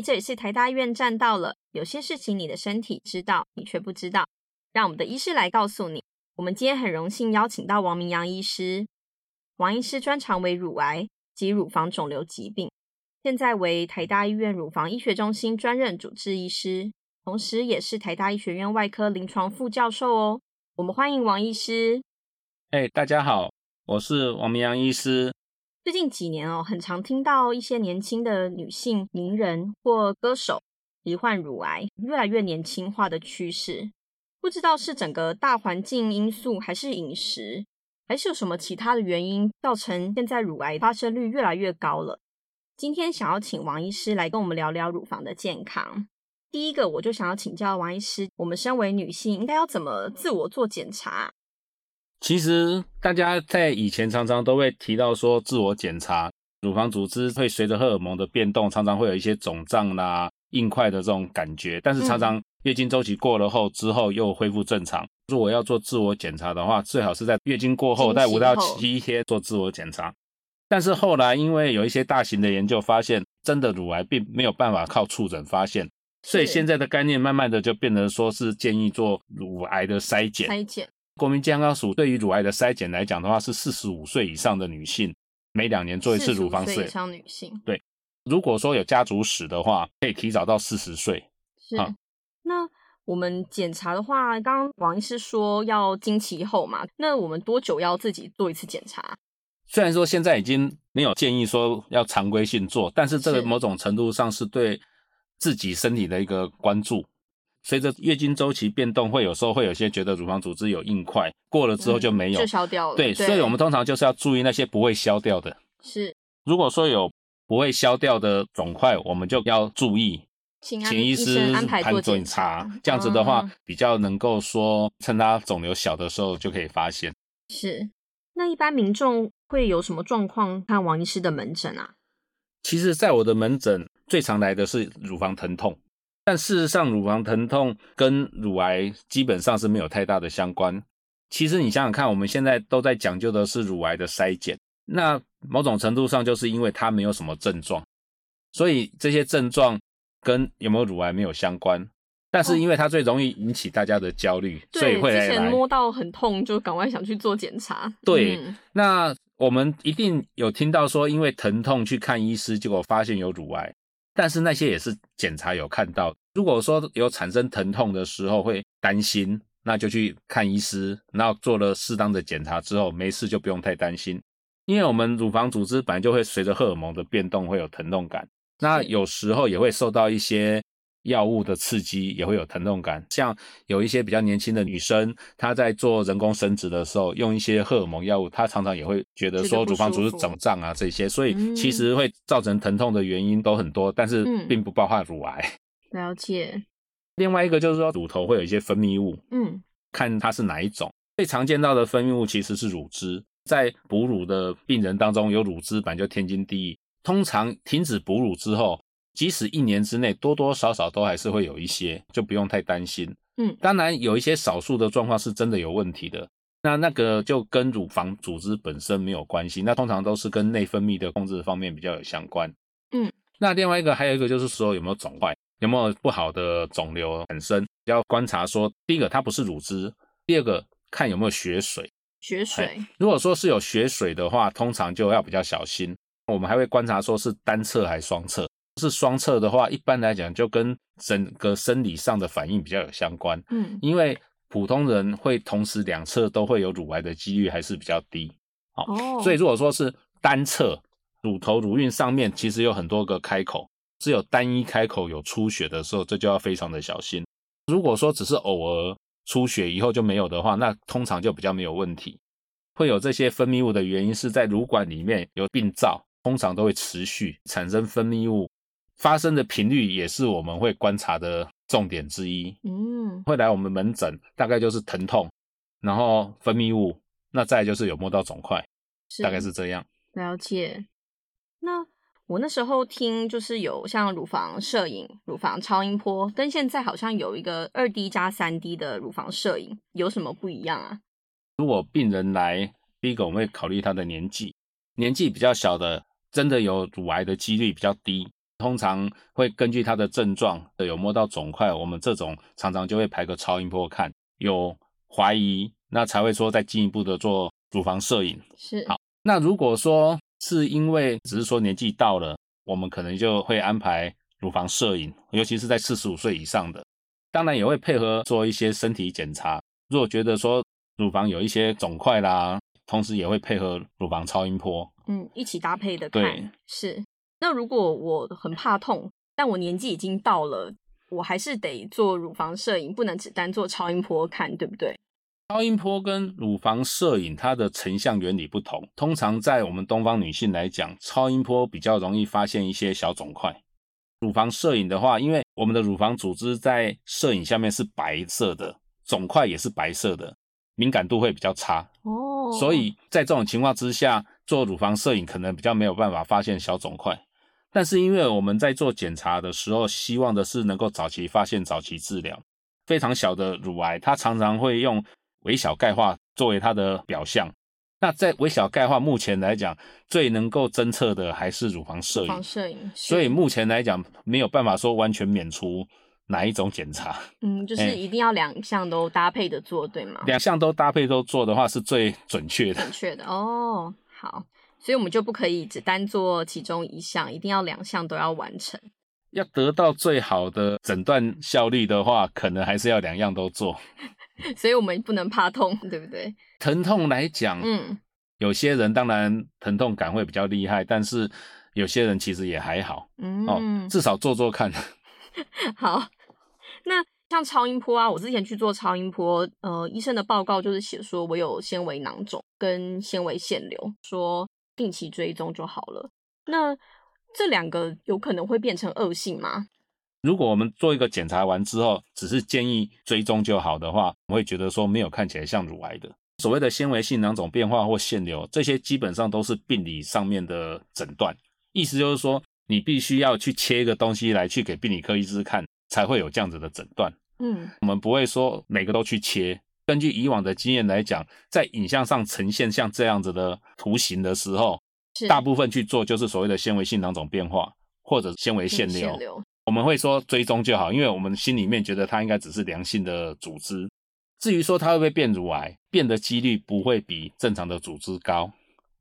這也是台大醫院站到了。有些事情你的身體知道，你卻不知道，讓我們的醫師來告訴你。我們今天很榮幸邀請到王明暘醫師，王醫師專長為乳癌及乳房腫瘤疾病，現在為台大醫院乳房醫學中心專任主治醫師，同時也是台大醫學院外科臨床副教授哦。我們歡迎王醫師。哎，大家好，我是王明暘醫師。最近幾年哦，很常聽到一些年輕的女性名人或歌手罹患乳癌，越來越年輕化的趨勢。不知道是整個大環境因素，還是飲食，還是有什麼其他的原因，造成現在乳癌發生率越來越高了。今天想要請王醫師來跟我們聊聊乳房的健康。第一個，我就想要請教王醫師，我們身為女性，應該要怎麼自我做檢查？其實大家在以前常常都會提到說，自我檢查乳房組織會隨着荷爾蒙的變動，常常會有一些腫脹啦、啊、硬塊的這種感覺，但是常常月經週期過了後之後又恢復正常。如果要做自我檢查的話，最好是在月經過後，在五到七天做自我檢查。但是後來因為有一些大型的研究發現，真的乳癌並沒有辦法靠觸診發現，所以現在的概念慢慢的就變得說是建議做乳癌的篩檢。篩國民健康署對於乳癌的篩檢來講的話，是四十五歲以上的女性每兩年做一次乳房攝影。女性。對，如果說有家族史的話，可以提早到四十歲。是。嗯，那我們檢查的話，剛剛王醫師說要經期以後嘛，那我們多久要自己做一次檢查？雖然說現在已經沒有建議說要常規性做，但是這個某種程度上是對自己身體的一個關注。隨着月經週期變動，會有時候會有些覺得乳房組織有硬塊，過了之後就沒有，嗯、就消掉了。對。對所以我們通常就是要注意那些不會消掉的。是。如果說有不會消掉的腫塊，我們就要注意，請安醫師安排做檢查。這樣子的話，嗯、比較能夠說趁它腫瘤小的時候就可以發現。是。那一般民眾會有什麼狀況看王醫師的門診啊？其實，在我的門診最常來的是乳房疼痛。但事實上，乳房疼痛跟乳癌基本上是沒有太大的相關。其實你想想看，我們現在都在講究的是乳癌的篩檢，那某種程度上就是因為它沒有什麼症狀，所以這些症狀跟有沒有乳癌沒有相關。但是因為它最容易引起大家的焦慮，哦、所以會來，之前摸到很痛就趕快想去做檢查。嗯、對，那我們一定有聽到說，因為疼痛去看醫師，結果發現有乳癌。但是那些也是檢查有看到的，如果說有產生疼痛的時候會擔心，那就去看醫師，然後做了適當的檢查之後，沒事就不用太擔心，因為我們乳房組織本來就會隨着荷爾蒙的變動會有疼痛感，那有時候也會受到一些。藥物的刺激也會有疼痛感，像有一些比較年輕的女生，她在做人工生殖的時候，用一些荷爾蒙藥物，她常常也會覺得說是乳房組織腫脹啊這些，所以其實會造成疼痛的原因都很多，但是並不包括乳癌。嗯，了解。另外一個就是說，乳頭會有一些分泌物，嗯，看它是哪一種。最常見到的分泌物其實是乳汁，在哺乳的病人當中有乳汁本就天經地義。通常停止哺乳之後。即使一年之內多多少少都還是會有一些，就不用太擔心。嗯，當然有一些少數的狀況是真的有問題的，那那個就跟乳房組織本身沒有關係，那通常都是跟內分泌的控制方面比較有相關。嗯，那另外一個還有一個就是說，有沒有腫塊，有沒有不好的腫瘤產生，要觀察說，第一個它不是乳汁，第二個看有沒有血水。血水。哎，如果說是有血水的話，通常就要比較小心。我們還會觀察說是單側還是雙側。是雙側的話，一般來講就跟整個生理上的反應比較有相關。嗯，因為普通人會同時兩側都會有乳癌的機率還是比較低。哦，所以如果說是單側乳頭乳暈上面其實有很多個開口，只有單一開口有出血的時候，這就要非常的小心。如果說只是偶爾出血以後就沒有的話，那通常就比較沒有問題。會有這些分泌物的原因是在乳管裡面有病灶，通常都會持續產生分泌物。發生的頻率也是我們會觀察的重點之一。嗯，會來我們門診大概就是疼痛，然後分泌物，那再就是有摸到腫塊，是大概是這樣。了解。那我那時候聽就是有像乳房攝影、乳房超音波，跟現在好像有一個二 D 加三 D 的乳房攝影，有什麼不一樣啊？如果病人來，第一個我們會考慮他的年紀，年紀比較小的，真的有乳癌的幾率比較低。通常會根據他的症狀，有摸到腫塊，我們這種常常就會排個超音波看，有懷疑那才會說再進一步的做乳房攝影。是。好，那如果說是因為只是說年紀到了，我們可能就會安排乳房攝影，尤其是在四十五歲以上的，當然也會配合做一些身體檢查。若覺得說乳房有一些腫塊啦，同時也會配合乳房超音波，嗯，一起搭配的看，對。是。那如果我很怕痛，但我年紀已經到了，我還是得做乳房攝影，不能只單做超音波看，對不對？超音波跟乳房攝影它的成像原理不同，通常在我們東方女性來講，超音波比較容易發現一些小腫塊。乳房攝影的話，因為我們的乳房組織在攝影下面是白色的，腫塊也是白色的，敏感度會比較差哦。Oh. 所以在這種情況之下，做乳房攝影可能比較沒有辦法發現小腫塊。但是因為我們在做檢查的時候，希望的是能夠早期發現、早期治療，非常小的乳癌，它常常會用微小鈣化作為它的表象。那在微小鈣化目前來講，最能夠偵測的還是乳房攝影。乳房攝影。所以目前來講，沒有辦法說完全免除哪一種檢查。嗯，就是一定要兩項都搭配的做，欸、對嗎？兩項都搭配都做的話，是最準確的。準確的哦，好。所以，我們就不可以只單做其中一項，一定要兩項都要完成。要得到最好的診斷效率的話，可能還是要兩樣都做。 所以我們不能怕痛，對不對？疼痛來講，嗯，有些人當然疼痛感會比較厲害，但是有些人其實也還好，嗯、哦，至少做做看。 好，那像超音波啊，我之前去做超音波，呃，醫生的報告就是寫說我有纖維囊腫跟纖維腺瘤，說。定期追蹤就好了。那這兩個有可能會變成惡性嗎？如果我們做一個檢查完之後，只是建議追蹤就好的話，我會覺得說沒有看起來像乳癌的。所謂的纖維性囊腫變化或腺瘤，這些基本上都是病理上面的診斷。意思就是說，你必須要去切一個東西來去給病理科醫師看，才會有這樣子的診斷。嗯，我們不會說每個都去切。根據以往的經驗來講，在影像上呈現像這樣子的圖形的時候，是大部分去做就是所謂的纖維性囊腫變化或者纖維腺瘤，嗯、腺瘤，我們會說追蹤就好，因為我們心裡面覺得它應該只是良性的組織。至於說它會不會變乳癌，變的幾率不會比正常的組織高。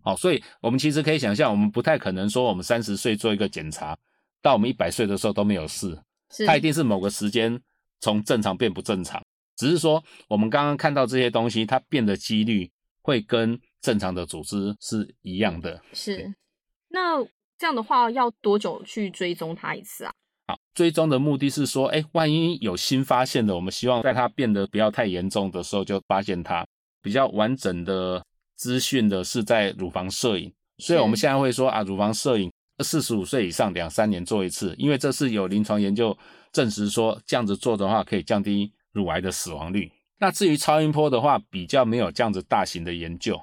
好、哦，所以我們其實可以想象，我們不太可能說我們三十歲做一個檢查，到我們一百歲的時候都沒有事，是它一定是某個時間從正常變不正常。只是說，我們剛剛看到這些東西，它變的幾率會跟正常的組織是一樣的。是，那這樣的話要多久去追蹤它一次啊？好，追蹤的目的是說，哎，萬一有新發現的，我們希望在它變得不要太嚴重的時候就發現它。比較完整的資訊的是在乳房攝影，所以我們現在會說啊，乳房攝影45歲以上兩三年做一次，因為這是有臨床研究證實說這樣子做的話可以降低。乳癌的死亡率。那至於超音波的話，比較沒有這樣子大型的研究，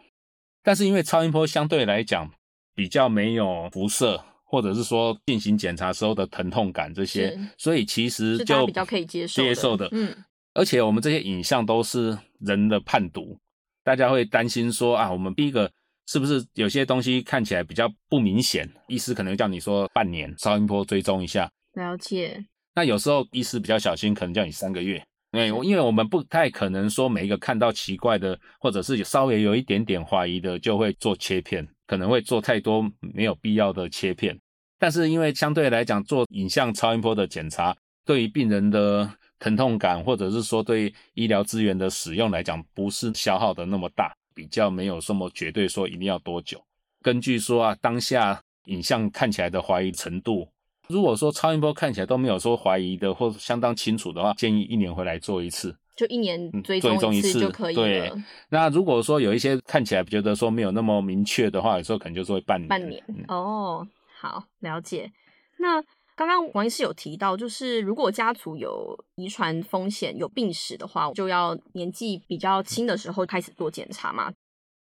但是因為超音波相對來講比較沒有輻射，或者是說進行檢查時候的疼痛感這些，是所以其實就是比較可以接受的。接受的。嗯。而且我們這些影像都是人的判讀，大家會擔心說啊，我們第一個是不是有些東西看起來比較不明顯？醫師可能叫你說半年超音波追蹤一下。了解。那有時候醫師比較小心，可能叫你三個月。哎，因為我們不太可能說每一個看到奇怪的，或者是有稍微有一點點懷疑的，就會做切片，可能會做太多沒有必要的切片。但是因為相對來講，做影像超音波的檢查，對於病人的疼痛感，或者是說對醫療資源的使用來講，不是消耗的那麼大，比較沒有什麼絕對說一定要多久，根據說啊，當下影像看起來的懷疑程度，如果說超音波看起來都沒有說懷疑的，或相當清楚的話，建議一年回來做一次，就一年追蹤一次，嗯、追蹤一次就可以了。對，那如果說有一些看起來覺得說沒有那麼明確的話，有時候可能就是會半年半年，嗯、哦。好，了解。那剛剛王醫師有提到，就是如果家族有遺傳風險，有病史的話，就要年紀比較輕的時候開始做檢查嘛。嗯、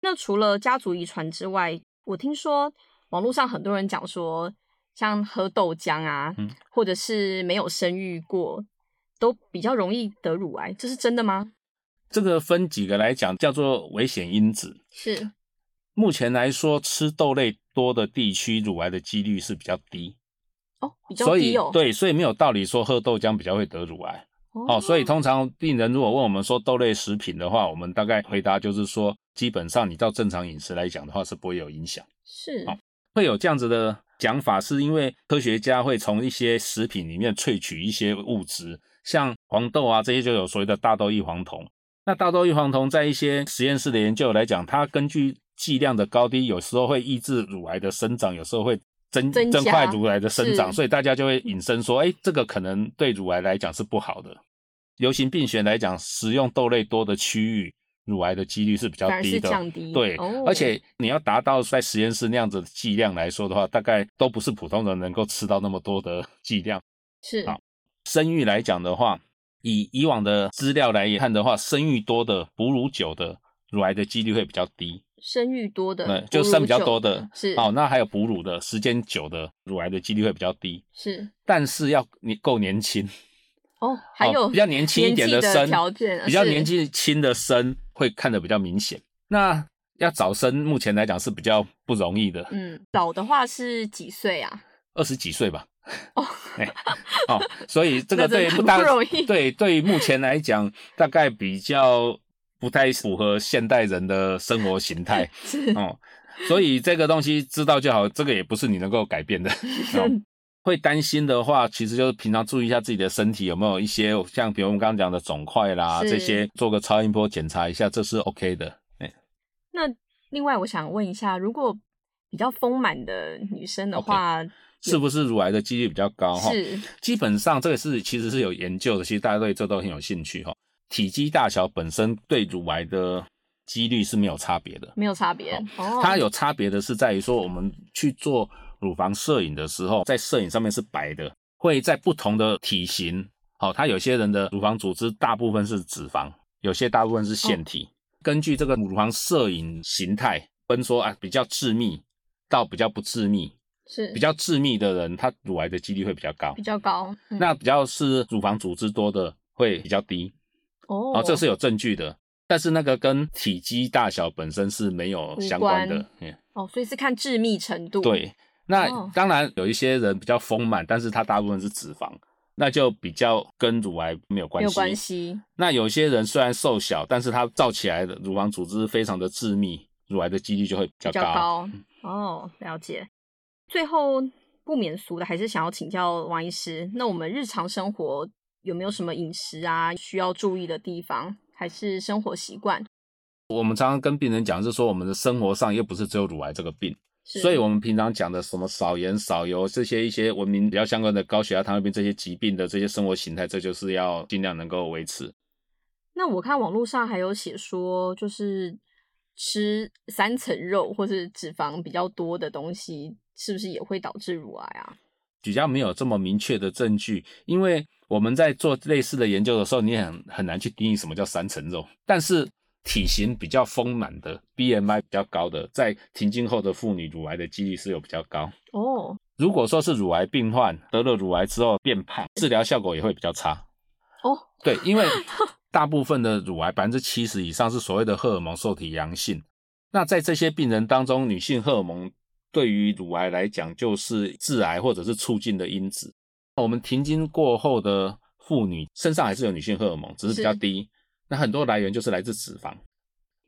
那除了家族遺傳之外，我聽說網絡上很多人講說。像喝豆漿啊，或者是沒有生育過，嗯、都比較容易得乳癌，這是真的嗎？這個分幾個來講，叫做危險因子。是。目前來說，吃豆類多的地區，乳癌的幾率是比較低。哦，比較低、哦、所以，對，所以沒有道理說喝豆漿比較會得乳癌。哦，哦。所以，通常病人如果問我們說豆類食品的話，我們大概回答就是說，基本上你照正常飲食來講的話，是不會有影響。是、哦。會有這樣子的。講法是因為科學家會從一些食品裡面萃取一些物質，像黃豆啊這些就有所謂的大豆異黃酮。那大豆異黃酮在一些實驗室的研究來講，它根據劑量的高低，有時候會抑制乳癌的生長，有時候會增增，加增快乳癌的生長，是所以大家就會引申說，哎，這個可能對乳癌來講是不好的。流行病學來講，食用豆類多的區域。乳癌的幾率是比較低的，降低，對，哦、而且你要達到在實驗室那樣子的劑量來說的話，大概都不是普通人能夠吃到那麼多的劑量。是啊，生育來講的話，以以往的資料來看的話，生育多的、哺乳久的，乳癌的幾率會比較低。生育多的，就生比較多的，是哦。那還有哺乳的時間久的，乳癌的幾率會比較低。是，是，但是要你夠年輕哦，還有、啊、比較年輕一點的生，比較年紀輕的生。會看的比較明顯，那要早生，目前來講是比較不容易的。嗯，早的話是幾歲啊？二十幾歲吧。哦、oh. 哎，哦，所以這個對於 不大容易，對對，對於目前來講大概比較不太符合現代人的生活形態。 是哦，所以這個東西知道就好，這個也不是你能夠改變的。 會擔心的話，其實就是平常注意一下自己的身體有沒有一些像，比如我們剛剛講的腫塊啦，是這些做個超音波檢查一下，這是 OK 的。欸、那另外我想問一下，如果比較豐滿的女生的話，okay. 是不是乳癌的幾率比較高？有哦、是，基本上這個是其實是有研究的，其實大家對這都很有興趣哈、哦。體積大小本身對乳癌的幾率是沒有差別的，沒有差別。哦、它有差別的是在於說，我們去做。乳房攝影的時候，在攝影上面是白的，會在不同的體型，好、哦，它有些人的乳房組織大部分是脂肪，有些大部分是腺體。哦、根據這個乳房攝影形態分說，啊，比較致密到比較不致密，是比較致密的人，他乳癌的幾率會比較高，比較高。嗯、那比較是乳房組織多的會比較低，哦，哦，這是有證據的，但是那個跟體積大小本身是沒有相關的，無關哦，所以是看致密程度，對。那當然有一些人比較豐滿，哦、但是他大部分是脂肪，那就比較跟乳癌沒有關係。沒有關係。那有些人雖然瘦小，但是他造起來的乳房組織非常的致密，乳癌的幾率就會比較高。比較高。哦，了解。最後不免俗的，還是想要請教王醫師，那我們日常生活有沒有什麼飲食啊需要注意的地方，還是生活習慣？我們常常跟病人講，是說我們的生活上又不是只有乳癌這個病。是所以，我們平常講的什麼少鹽、少油這些一些文明比較相關的高血壓、糖尿病這些疾病的這些生活形態，這就是要儘量能夠維持。那我看網絡上還有寫說，就是吃三層肉或是脂肪比較多的東西，是不是也會導致乳癌啊？比較沒有這麼明確的證據，因為我們在做類似的研究的時候，你很很難去定義什麼叫三層肉，但是。體型比較豐滿的，BMI 比較高的，在停經後的婦女，乳癌的幾率是有比較高哦。Oh. 如果說是乳癌病患得了乳癌之後變胖，治療效果也會比較差哦。Oh. 對，因為大部分的乳癌百分之七十以上是所謂的荷爾蒙受體陽性。那在這些病人當中，女性荷爾蒙對於乳癌來講就是致癌或者是促進的因子。我們停經過後的婦女身上還是有女性荷爾蒙，只是比較低。那很多來源就是來自脂肪。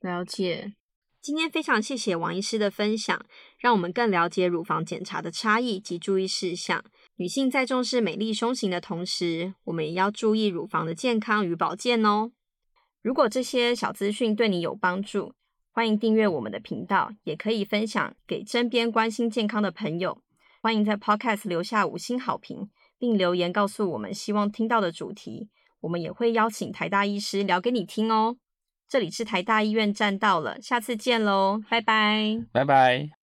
了解。今天非常謝謝王醫師的分享，讓我們更了解乳房檢查的差異及注意事項。女性在重視美麗胸型的同時，我們也要注意乳房的健康與保健哦。如果這些小資訊對你有幫助，歡迎訂閱我們的頻道，也可以分享給身邊關心健康的朋友。歡迎在 Podcast 留下五星好評，並留言告訴我們希望聽到的主題。我們也會邀請台大醫師聊給你聽哦。這裡是台大醫院站到了，下次見嘍，拜拜。拜拜。